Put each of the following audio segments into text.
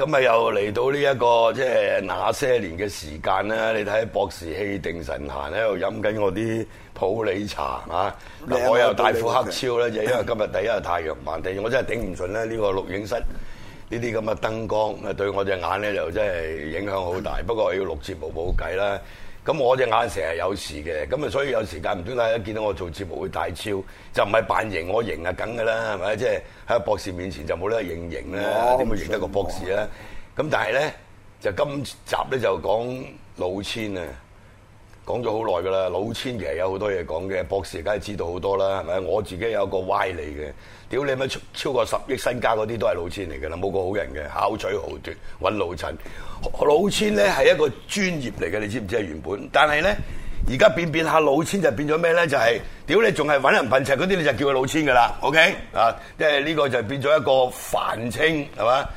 咁咪又嚟到呢一個即係那些年嘅時間咧？你睇博士氣定神閒喺度飲緊我啲普洱茶，我又大副黑超咧，就因為今日第一日太陽慢地，我真係頂唔順咧。呢個錄影室呢啲咁嘅燈光，對我隻眼咧又真係影響好大。不過我要六字步冇計啦。咁我隻眼成日有事嘅，咁啊所以有時間唔準睇，見到我做節目會大超就，就唔係扮型，我型係梗㗎啦，係咪？即係喺博士面前就冇得認型啦，點、哦、會認得個博士咧？咁、哦、但係咧就今集咧就講老千啊！講咗好耐㗎啦，老千其實有好多嘢講嘅，博士梗係知道好多啦，係咪？我自己有一個歪理嘅，屌你咪超超過十億身家嗰啲都係老千嚟㗎啦，冇個好人嘅，巧取豪奪揾老陳。老千咧係一個專業嚟嘅，你知唔知係？原本，但係咧而家變變下老千就變咗咩咧？就係、是、屌你仲係揾人笨柒嗰啲，你就叫佢老千㗎啦。OK 啊，即係呢個就變咗一個泛稱係嘛？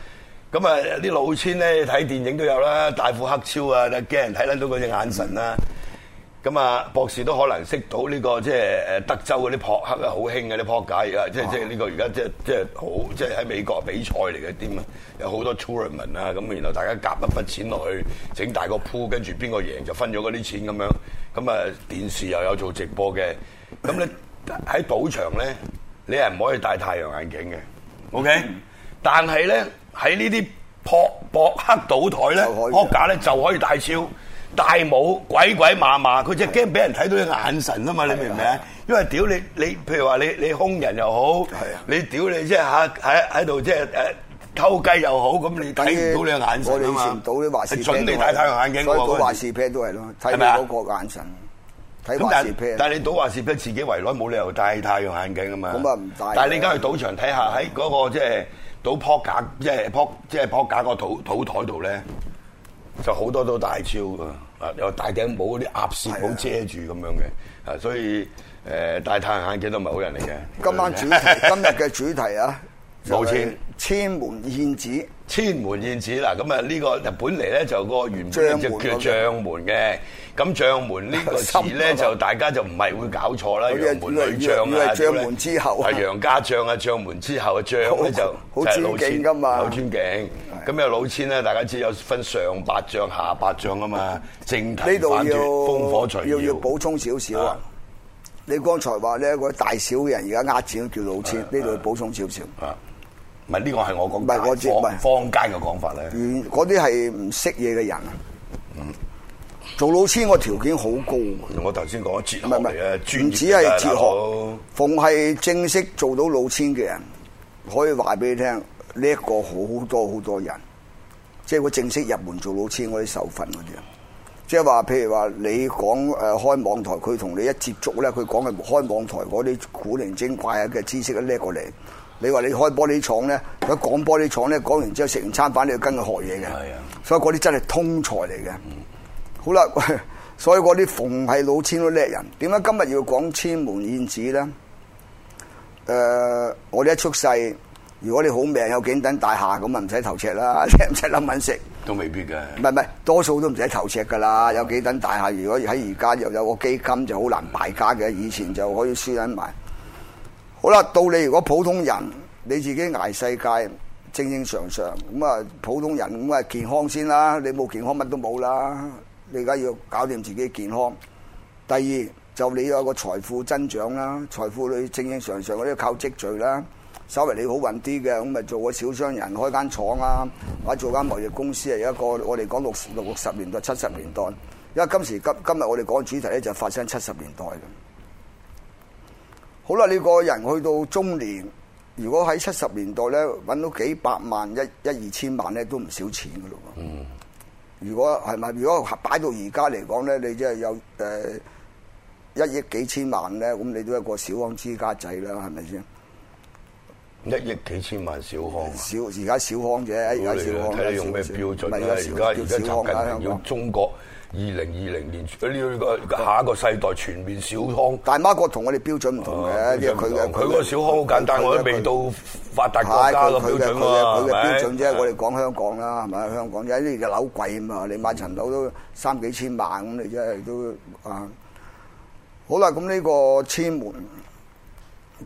咁啊啲老千咧睇電影都有啦，大副黑超啊，驚人睇得到嗰隻眼神啦。嗯咁啊，博士都可能識到呢個即係誒德州嗰啲撲克好興嘅啲撲街啊！即係即係呢個而家即係即係好即係喺美國比賽嚟嘅啲嘛，有好多 tournament 啊咁，然後大家夾一筆錢落去，整大個鋪，跟住邊個贏就分咗嗰啲錢咁樣。咁啊，電視又有做直播嘅。咁你喺賭場咧，你係唔可以戴太陽眼鏡嘅。OK、嗯、但係咧喺呢啲撲博克賭台咧，撲街咧就可以戴超。戴帽鬼鬼馬馬，佢只驚俾人睇到隻眼神啊嘛！你明唔明啊？因為屌你你，譬如話你你兇人又好，好，你屌你即係喺喺喺度即係誒偷雞又好，咁你睇唔到你嘅眼神你嘛！賭啲準你戴太陽眼鏡喎！睇話事啤都係咯，睇嗰個眼神睇但係你賭話事啤，自己圍內冇理由戴太陽眼鏡啊嘛！咁啊唔戴。但係你而家去賭場睇下喺嗰個即係、就是、賭撲架，即係撲即係撲架個土土台度咧。就好多都大超㗎，啊！又大頂帽嗰啲鴨舌帽遮住咁樣嘅，啊！所以誒戴、呃、太陽眼鏡都唔係好人嚟嘅。今晚主題 今日嘅主題啊，冇錯，千門燕子。千門燕子嗱，咁啊呢個本嚟咧就個原本就叫將門嘅，咁將門呢、呢個詞咧就大家就唔係會搞錯啦。楊門女將啊，將門之後係楊家將啊，將門之後嘅將咧就好尊敬㗎嘛，好尊敬。咁有老千咧？大家知有分上百仗、下百仗啊嘛？正呢度要烽火纏繞，要要補充少少啊你剛！你剛才話咧嗰啲大小嘅人而家呃錢叫老千，呢度、啊、要補充少少。啊，唔係呢個係我講唔係我知，唔係坊間嘅講法咧。嗰啲係唔識嘢嘅人。嗯，做老千個條件好高。我頭先講哲學嘅專業嘅，唔係啊。逢係正式做到老千嘅人，可以話俾你聽。叻過好多好多人，即係佢正式入門做老千嗰啲受訓嗰啲，即係話譬如話你講誒、呃、開網台，佢同你一接觸咧，佢講嘅開網台嗰啲古靈精怪啊嘅知識啊叻過你。你話你開玻璃廠咧，如果講玻璃廠咧，講完之後食完餐飯，你要跟佢學嘢嘅。所以嗰啲真係通才嚟嘅，嗯。好啦，所以嗰啲逢係老千都叻人。點解今日要講千門燕子咧？誒、呃，我哋一出世。如果你好命有幾等大廈咁啊，唔使頭赤啦，你唔使諗緊食都未必嘅。唔係唔係，多數都唔使頭赤噶啦。有幾等大廈，如果喺而家又有個基金，就好難敗家嘅。以前就可以輸緊埋。好啦，到你如果普通人，你自己捱世界，正正常常咁啊，普通人咁啊健康先啦。你冇健康，乜都冇啦。你而家要搞掂自己健康。第二就你要有個財富增長啦，財富你正正常常嗰啲靠積聚啦。稍微你好運啲嘅，咁咪做個小商人開間廠啊，或者做間貿易公司啊，一個我哋講六六十年代、七十年代，因為今時今今日我哋講主題咧就發生七十年代咁好啦，你個人去到中年，如果喺七十年代咧揾到幾百萬、一、一二千萬咧，都唔少錢噶咯。嗯。如果係咪？如果擺到而家嚟講咧，你即係有、呃、一億幾千萬咧，咁你都一個小康之家仔啦，係咪先？一億幾千萬，小康，小，而家小康啫，而家小康。睇下用咩標準，而家，而家趨中國二零二零年，佢呢個下一個世代全面小康。大媽國同我哋標準唔同嘅，因為佢嘅，佢個小康好簡單，我都未到發達國家嘅標準喎。係咪、啊？即係我哋講香港啦，香港呢啲樓貴吖嘛，你買層樓都三幾千萬，咁你即係都。好啦，咁呢個千門。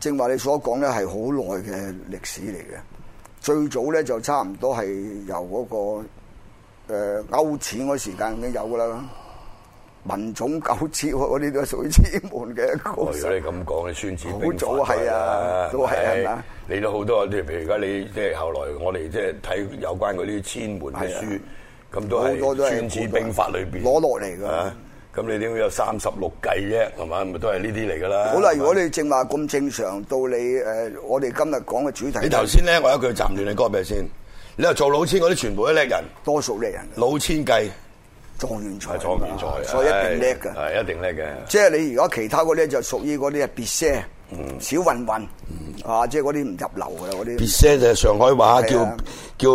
正話你所講咧，係好耐嘅歷史嚟嘅。最早咧就差唔多係由嗰、那個誒、呃、勾踐嗰時間已經有噶啦。民種九千，我呢啲都係屬於千門嘅一個。如果你咁講，你孫子兵法啦、啊，都係、啊。你都好多啲，譬如而家你即係後來我哋即係睇有關嗰啲千門嘅書，咁、啊、都好多都係孫子兵法裏邊攞落嚟嘅。咁你點會有三十六計啫？係嘛，咪都係呢啲嚟㗎啦。好啦，如果你正話咁正常到你、呃、我哋今日講嘅主題。你頭先咧，我有一句暫斷你乾俾先。你話做老千嗰啲全部都叻人，多數叻人。老千計，狀元才，狀元才，所以一定叻㗎。係一定叻嘅。即、就、係、是、你如果其他嗰啲就屬於嗰啲、嗯、啊，別、就、聲、是，小混混啊，即係嗰啲唔入流㗎啦，嗰啲。別聲就係上海話叫叫，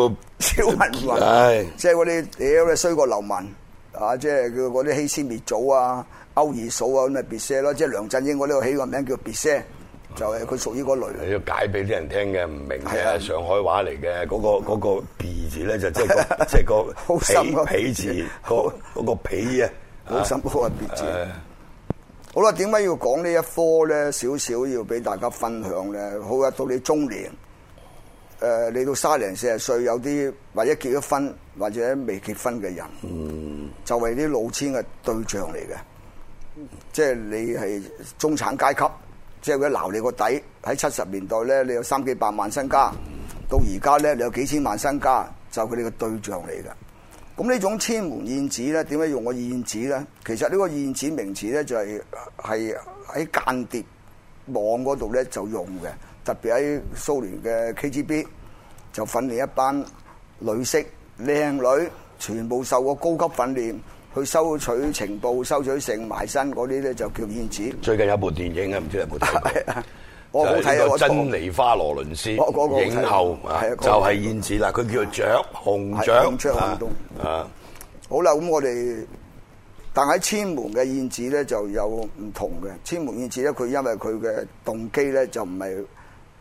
叫小混混，係即係嗰啲屌你衰過流氓。啊！即係佢嗰啲欺師滅祖啊，勾二嫂啊咁咪別寫咯。Bisse, 即係梁振英，我呢度起個名叫別寫、嗯，就係佢屬於嗰類。你要解俾啲人聽嘅，唔明係上海話嚟嘅。嗰、嗯嗰個嗰、嗰個別字咧、嗯，就即係、嗰個 即係個皮好深、啊、皮字，嗰 嗰個皮啊，好深嗰個別字。好啦，點解要講呢一科咧？少少要俾大家分享咧。好啊，到你中年。誒，你到三零四十歲有啲，或者結咗婚，或者未結婚嘅人、嗯，就為啲老千嘅對象嚟嘅。即係你係中產階級，即係會鬧你個底。喺七十年代咧，你有三幾百萬身家，到而家咧，你有幾千萬身家，就係佢哋嘅對象嚟嘅。咁呢種千門燕子咧，點解用個燕子咧？其實呢個燕子名詞咧，就係係喺間諜網嗰度咧就用嘅。特別喺蘇聯嘅 KGB 就訓練一班女色靚女，全部受過高級訓練去收取情報、收取性埋身嗰啲咧，就叫燕子。最近有部電影啊，唔知有冇睇？我好睇啊！珍妮花羅倫斯影后啊，就係燕子嗱，佢叫做雀紅雀啊。好啦，咁我哋但喺千門嘅燕子咧就有唔同嘅。千門燕子咧，佢因為佢嘅動機咧就唔係。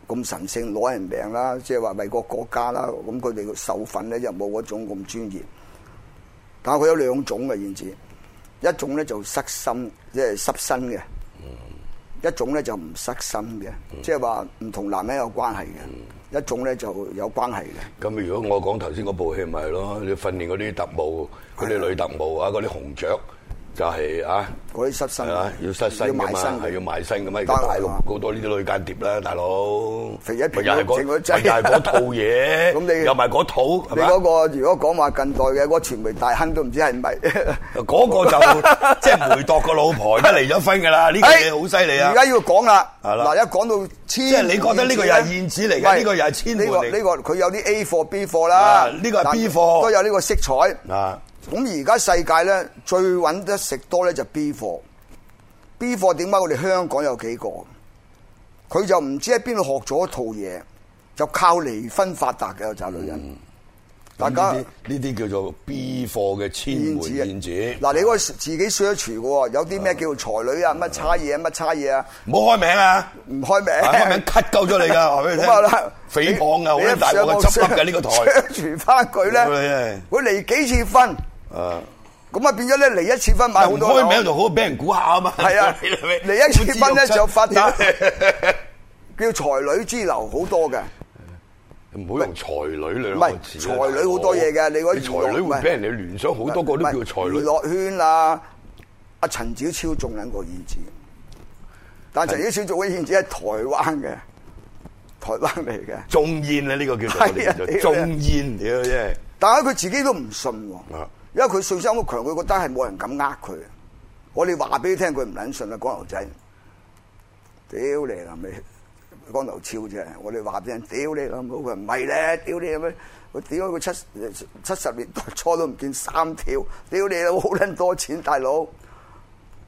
咁神聖攞人命啦，即係話為個國家啦，咁佢哋受訓咧又冇嗰種咁專業。但係佢有兩種嘅燕子，一種咧就失身，即係失身嘅；一種咧就唔失身嘅，即係話唔同男人有關係嘅。一種咧就有關係嘅。咁如果我講頭先嗰部戲咪係咯，你訓練嗰啲特務，嗰啲女特務啊，嗰啲紅雀。就係、是、啊！嗰啲失身、啊，要失身噶嘛，係要賣身噶嘛。大佬，好多呢啲女間諜啦，大佬。肥一平，又係嗰， 又係套嘢。咁你又埋嗰套？ 你嗰、那個如果講話近代嘅嗰、那個、傳媒大亨都唔知係唔係？嗰、那個就即係 梅鐸個老婆了的，都離咗婚㗎啦！呢個嘢好犀利啊！而家要講啦，嗱，一講到千，即係你覺得呢個又係燕子嚟㗎？呢、這個又係千門。呢、這個呢、這個佢有啲 A 貨 B 貨啦、啊。呢、這個係 B 貨都有呢個色彩。啊！咁而家世界咧最揾得食多咧就 B 貨，B 貨點解我哋香港有幾個？佢就唔知喺邊度學咗一套嘢，就靠離婚發達嘅就扎、係、女人。嗯、大家呢啲叫做 B 貨嘅千門燕子嗱，你嗰個自己 search 嘅喎，有啲咩叫才女啊？乜差嘢乜差嘢啊？唔好開名啊！唔開，開， 開名，開名 cut 鳩咗你噶，我俾你聽。 你誹謗啊！好大鑊嘅，執笠嘅呢個台。search 翻佢咧，會 離幾次婚？ 誒、uh，咁啊變咗咧，離一次婚買好多。不開名就好，俾人估下啊嘛。係啊，離一次婚咧就發啲叫才女之流好多嘅 。唔好用才女兩個字。才女好多嘢嘅，你嗰啲才女會俾人哋聯想好多個都叫才女。娛樂圈啦、啊，阿陳小超仲兩個燕子，但陳小超做個燕子係台灣嘅，台灣嚟嘅。中艷啊呢、這個叫做，中艷屌即係，但佢自己都唔信、啊。Uh, 因為佢信心好強，佢覺得係冇人敢呃佢。我哋話俾佢聽，佢唔捻信啦，光頭仔。屌你啊咪，光頭超啫！我哋話俾人屌你啊，冇佢唔係咧，屌你啊咪，佢屌佢七七十年代初都唔見三條，屌你啊，好捻多錢大佬。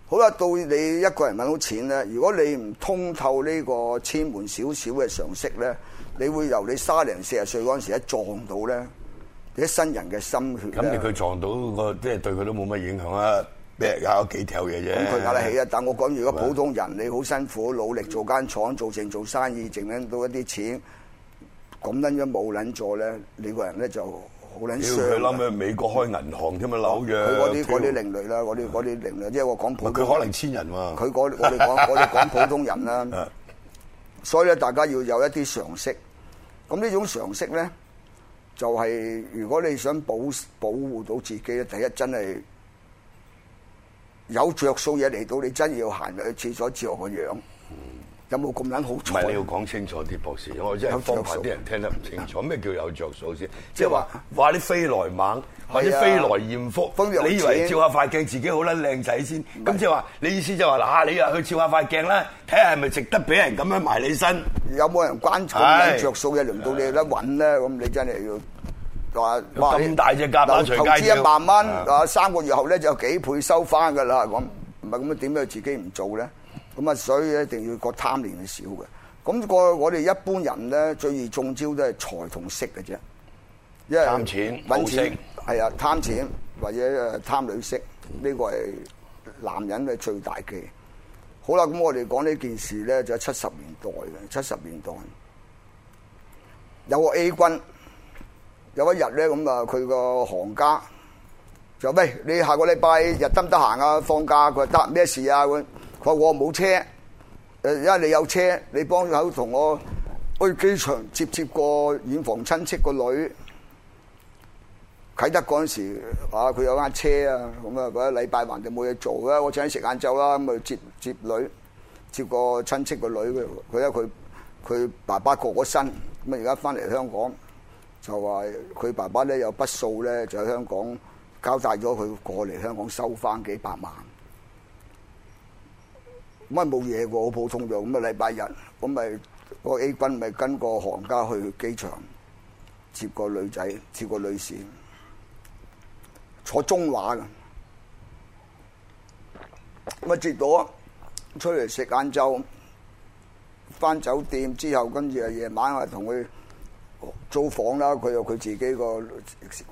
好啦，到你一個人搵到錢咧，如果你唔通透呢個千門少少嘅常識咧，你會由你三零四十歲嗰陣時一撞到咧。一生人嘅心血，咁你佢撞到個即係對佢都冇乜影響啊！俾人搞幾條嘢啫。咁佢搞得起啊！但係我講，如果普通人你好辛苦努力做間廠，做成做生意，剩返到一啲錢，咁樣樣冇撚做咧，你個人咧就好撚衰。佢諗去美國開銀行添嘛，紐約。佢嗰啲嗰啲另類啦，嗰啲嗰啲另類，即係我講普佢可能千人喎。佢嗰我哋講我哋講普通人啦。所以咧，大家要有一啲常識。咁呢種常識咧。就係如果你想保保護到自己，第一，真係有着數嘢嚟到，你真要行去廁所照個樣。有冇咁撚好彩？唔係你要講清楚啲博士，我真係幫埋啲人聽得唔清楚。咩叫有着數先？即係話話啲飛來猛，是的或者飛來豔福，你以為你照下塊鏡，自己好啦靚仔先？咁即係話你意思就話、是、嗱、啊，你又去照下塊鏡啦，睇下係咪值得俾人咁樣埋你身？有冇人關重、啊？有著數嘅輪到你哋咧揾咧，咁你真係要話話咁大隻蛤乸投資一萬蚊，三個月後咧就有幾倍收翻㗎啦。咁唔係咁啊？點解自己唔做咧？咁啊，所以一定要個貪念係少嘅。咁個我哋一般人咧最易中招都係財同色嘅啫，因為錢色貪錢、揾錢係啊，貪錢或者誒貪女色呢、呢個係男人嘅最大忌好。好啦，咁我哋講呢件事咧，就喺七十年代嘅七十年代，年代有個 A 君有一日咧，咁啊佢個行家就喂你下個禮拜日得唔得閒啊？放假佢話得，咩事啊？他說我話冇車，誒，因為你有車，你幫手同我去機場接接個遠房親戚個女。啟德嗰陣時，啊，佢有架車啊，咁啊，嗰一禮拜還定冇嘢做啦，我請你食晏晝啦，咁啊，接接女，接個親戚個女，佢佢佢爸爸過咗身，咁啊，而家翻嚟香港就話佢爸爸咧有筆數咧，就喺香港交帶咗佢過嚟香港收翻幾百萬。乜冇嘢喎，好普通咋咁啊！禮拜日咁咪個 A 君咪跟個行家去機場接個女仔，接個女士坐中華嘅。咁啊，接到出嚟食晏晝，翻酒店之後，跟住啊夜晚啊同佢租房啦。佢又佢自己個，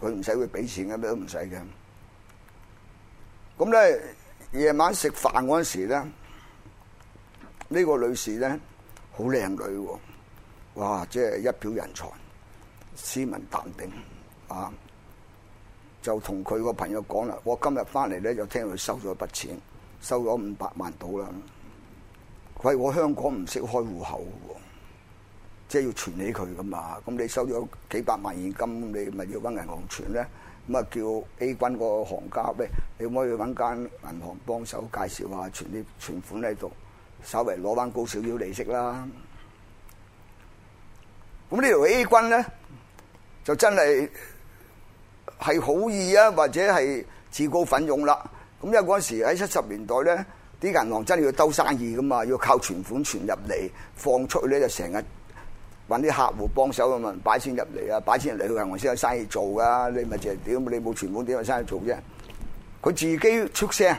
佢唔使佢俾錢嘅，咩都唔使嘅。咁咧夜晚食飯嗰陣時咧。呢、這個女士咧好靚女，哦，哇！即係一表人才，斯文淡定啊！就同佢個朋友講啦，我今日翻嚟咧，就聽佢收咗一筆錢，收咗五百萬到啦。佢話我香港唔識開戶口喎，即係要存起佢㗎嘛！咁你收咗幾百萬現金，你咪要搵銀行存咧？咁啊，叫 A 君個行家咩？你可以揾間銀行幫手介紹下存啲存款喺度。稍微攞翻高少少利息啦。咁呢條 A 軍咧就真係係好意啊，或者係自告奮勇啦。咁因為嗰陣時喺七十年代咧，啲銀行真係要兜生意噶嘛，要靠存款存入嚟放出去咧就成日揾啲客戶幫手啊嘛，擺錢入嚟啊，擺錢入嚟，佢銀行先有生意做噶。你咪淨係點？你冇存款點有生意做啫？佢自己出聲，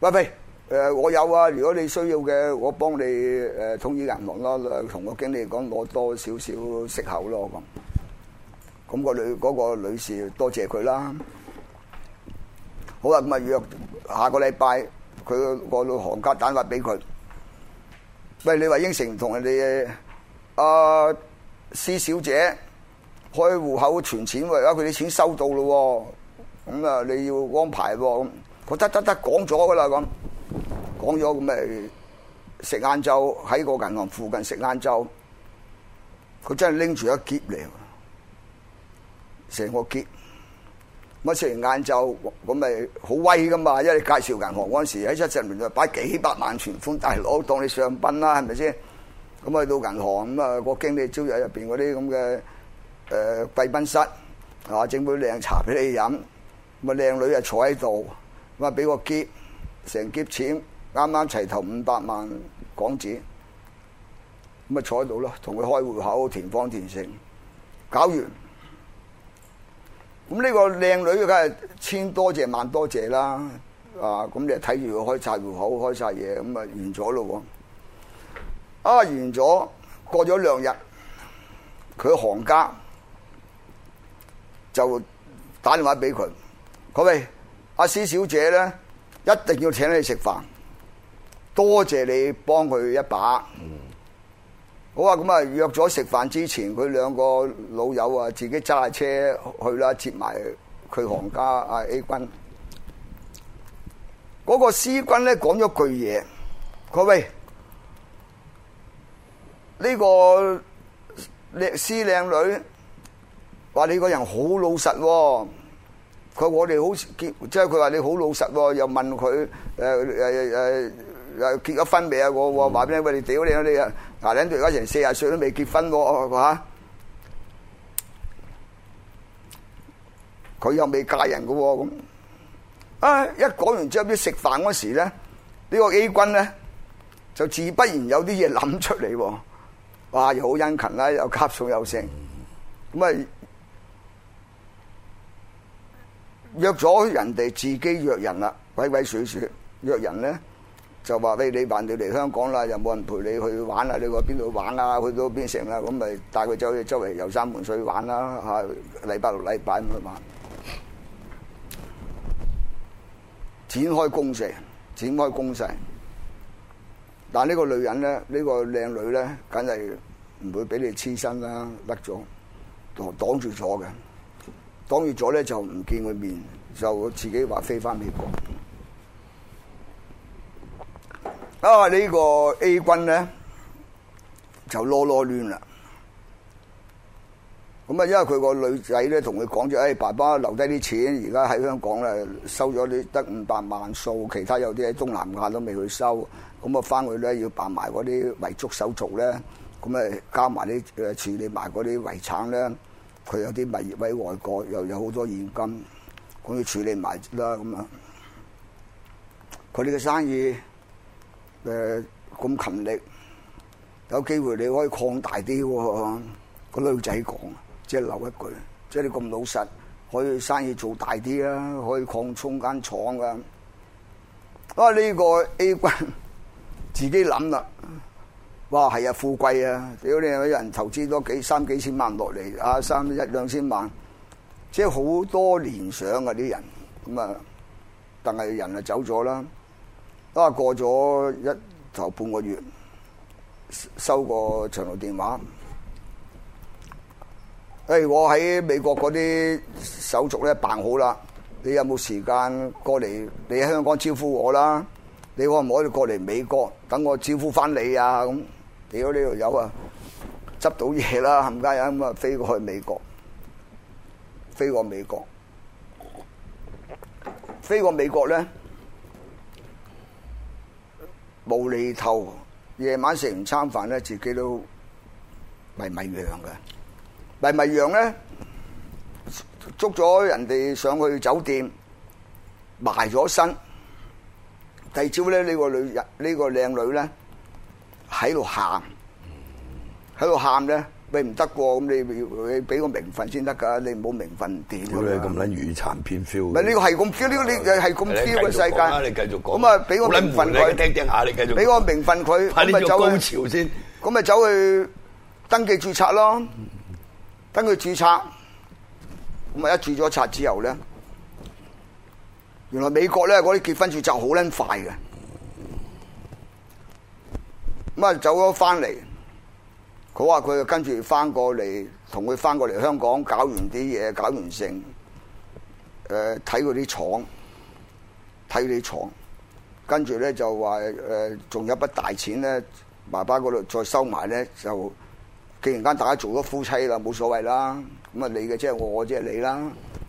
喂喂。誒我有啊！如果你需要嘅，我幫你誒通知銀行啦，同個經理講攞多少少息口咯咁。咁個女，嗰個女士多謝佢啦。好啦，咁啊約下個禮拜，佢個老行家打發俾佢。喂，你話應承唔同你阿施小姐開戶口存錢喎，而家佢啲錢收到咯，咁啊你要安排喎。我得得得，講咗噶啦咁。講咗咁，咪食晏晝，喺個銀行附近食晏晝，佢真係拎住一喼嚟，成個喼咁。啊食完晏晝咁咪好威噶嘛？因為你介紹銀行嗰陣時，喺七十年代擺幾百萬存款，係攞當你上賓啦，係咪先？咁啊到銀行咁啊、嗰個經理招呼入邊嗰啲咁嘅誒貴賓室啊，杯那個，整杯靚茶俾你飲，咪靚女啊坐喺度，話俾個喼，成喼錢。啱啱齊頭五百萬港紙，咁啊坐喺度咯，同佢開戶口填方填成，搞完，咁呢個靚女佢梗係千多謝萬多謝啦，啊咁你睇住佢開晒戶口開晒嘢，咁啊完咗咯喎，啊完咗過咗兩日，佢行家就打電話俾佢，各位阿施小姐咧一定要請你食飯。多謝你幫佢一把。嗯。好啊，咁啊約咗食飯之前，佢兩個老友啊自己揸車去啦，接埋佢行家阿 A 君。嗰個 C 君咧講咗句嘢，各位，呢個靚師靚女話你個人好老實喎。佢我哋好即係佢話你好老實喎。又問佢誒誒誒又結咗婚未啊？我我話畀你屌你啊！你啊，嗱兩條友成四廿歲都未結婚喎嚇，佢又未嫁人㗎喎咁。啊！一講完之後，邊食飯嗰時咧，呢個 A 君咧就自不然有啲嘢諗出嚟喎。哇！又好殷勤啦，又呷醋又剩。咁啊約咗人哋，自己約人啦，鬼鬼祟祟約人咧。就話俾你辦掉嚟香港啦，又冇人陪你去玩啦。你話邊度玩啊？去到邊食啊？咁咪帶佢走去周圍遊山玩水玩啦。嚇，禮拜六禮拜五去玩。展開攻勢，展開攻勢。但呢個女人咧，呢個靚女咧，梗係唔會俾你黐身啦，甩咗，擋住咗嘅，擋住咗咧就唔見佢面，就自己話飛返美國。啊！呢、這個 A 君咧就囉囉攣啦。咁啊，因為佢個女仔咧同佢講住，誒、哎、爸爸留低啲錢，而家喺香港咧收咗啲得五百萬數，其他有啲喺東南亞都未去收。咁啊，翻去咧要辦埋嗰啲遺囑手續咧，咁啊加埋啲誒處理埋嗰啲遺產咧。佢有啲物業喺外國，又有好多現金，我要處理埋啦咁啊。佢哋嘅生意。誒，咁勤力，有機會你可以擴大啲喎。個女仔講，即係留一句，即係你咁老實，可以生意做大啲呀，可以擴充間廠噶。啊，呢個 A 君自己諗啦。哇，係啊，富貴啊，屌你，有人投資多幾三幾千萬落嚟，啊，三一兩千萬，即係好多年想啊啲人，咁啊，但係人啊走咗啦。啊！過咗一頭半個月，收個長途電話。誒，我喺美國嗰啲手續咧辦好啦。你有冇時間過嚟？你喺香港招呼我啦。你可唔可以過嚟美國？等我招呼翻你啊！咁屌你條友啊，執到嘢啦，冚家閪咁啊，飛過去美國，飛過去美國，飛過去美國咧。無厘頭，夜晚食完餐飯咧，自己都迷迷樣嘅，迷迷樣咧，捉咗人哋上去酒店，埋咗身，第二朝咧呢、這個女人、這個、呢個靚女咧喺度喊，喺度喊咧。咪唔得噶，咁你要你俾個名份先得噶，你冇名份點？點解咁撚雨殘偏 feel？咪呢個係咁 feel，呢個你係咁 feel 嘅世界。咁啊，俾個名份佢聽聽下，你繼續講。咁啊，俾個名份佢。咁咪走去登記注冊咯？登記注冊，咁啊一注咗冊之後咧，原來美國咧嗰啲結婚注冊好撚快嘅，咁啊走咗翻嚟。佢話：佢就跟住翻過嚟，同佢翻過嚟香港搞完啲嘢，搞完成，誒睇佢啲廠，睇佢啲廠，跟住咧就話誒，仲有一筆大錢咧，爸爸嗰度再收埋咧，就，既然間大家做咗夫妻啦，冇所謂啦，咁啊你嘅即係我，我即係你啦，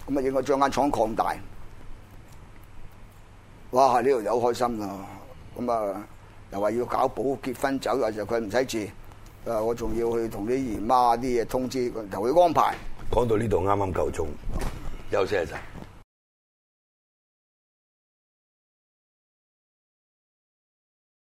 咁啊應該將間廠擴大。哇！呢度又好開心啦，啊，咁啊又話要搞保結婚酒，呀，就佢唔使住。誒，我仲要去同啲姨媽啲嘢通知，同佢安排。講到呢度啱啱夠鐘，休息一陣。